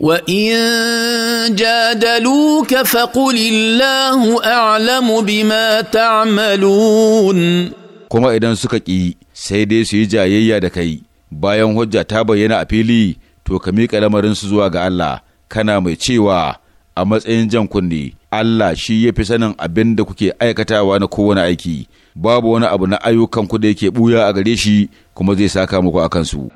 وان جادلوك فقل الله اعلم بما تعملون kuma idan suka ƙi sai dai su yi jayayya da kai bayan hujja ta bayyana a fili to ka miƙa lamarinsu zuwa ga Allah kana mai cewa a matsayin jan kunne Allah shi ya fi sanin abin da kuke aikatawa na kowane aiki babu wani abu na ayyukan ku da yake ɓuya a gare shi kuma zai saka muku a kansu